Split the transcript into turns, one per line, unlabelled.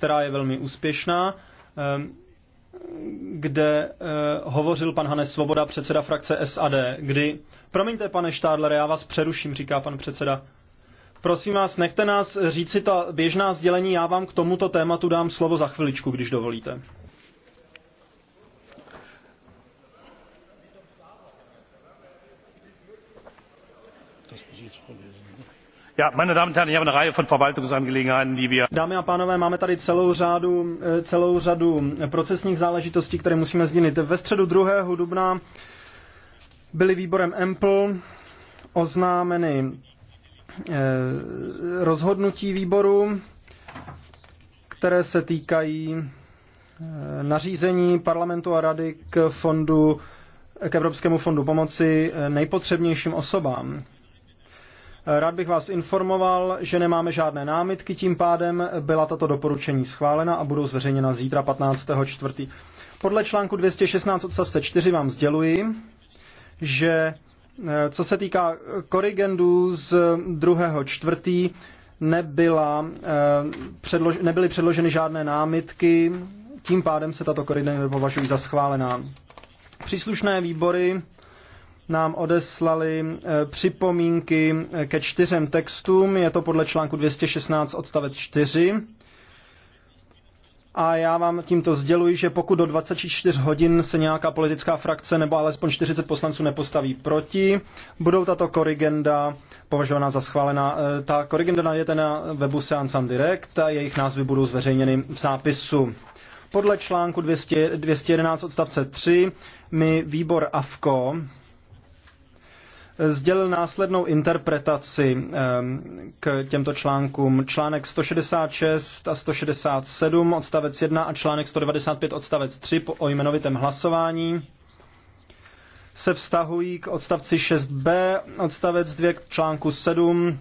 která je velmi úspěšná, ehm, kde eh, hovořil pan Hanes Svoboda, předseda frakce SAD, kdy... Promiňte, pane Štádlere, já vás přeruším, říká pan předseda. Prosím vás, nechte nás říct si ta běžná sdělení, já vám k tomuto tématu dám slovo za chviličku, když dovolíte. Dámy a pánové, máme tady celou, řadu, eh, celou řadu eh, procesních záležitostí, které musíme změnit. Ve středu 2. dubna byly výborem EMPL oznámeny eh, rozhodnutí výboru, které se týkají nařízení parlamentu a rady k, fondu, k Evropskému fondu pomoci nejpotřebnějším osobám. Rád bych vás informoval, že nemáme žádné námitky, tím pádem byla tato doporučení schválena a budou zveřejněna zítra 15.4. Podle článku 216 odstavce 4 vám sděluji, že eh, co se týká korigendů z 2.4. čtvrtý, nebyla, eh, předlož, nebyly předloženy žádné námitky, tím pádem se tato korigenda považují za schválená. Příslušné výbory nám odeslali eh, připomínky eh, ke čtyřem textům. Je to podle článku 216 odstavec 4. A já vám tímto sděluji, že pokud do 24 hodin se nějaká politická frakce nebo alespoň 40 poslanců nepostaví proti, budou tato korigenda považovaná za schválená. Eh, ta korigenda najdete na webu Seansan Direct a jejich názvy budou zveřejněny v zápisu. Podle článku 200, 211 odstavce 3 mi výbor AFKO sdělil následnou interpretaci k těmto článkům. Článek 166 a 167 odstavec 1 a článek 195 odstavec 3 o jmenovitém hlasování se vztahují k odstavci 6b, odstavec 2 k článku 7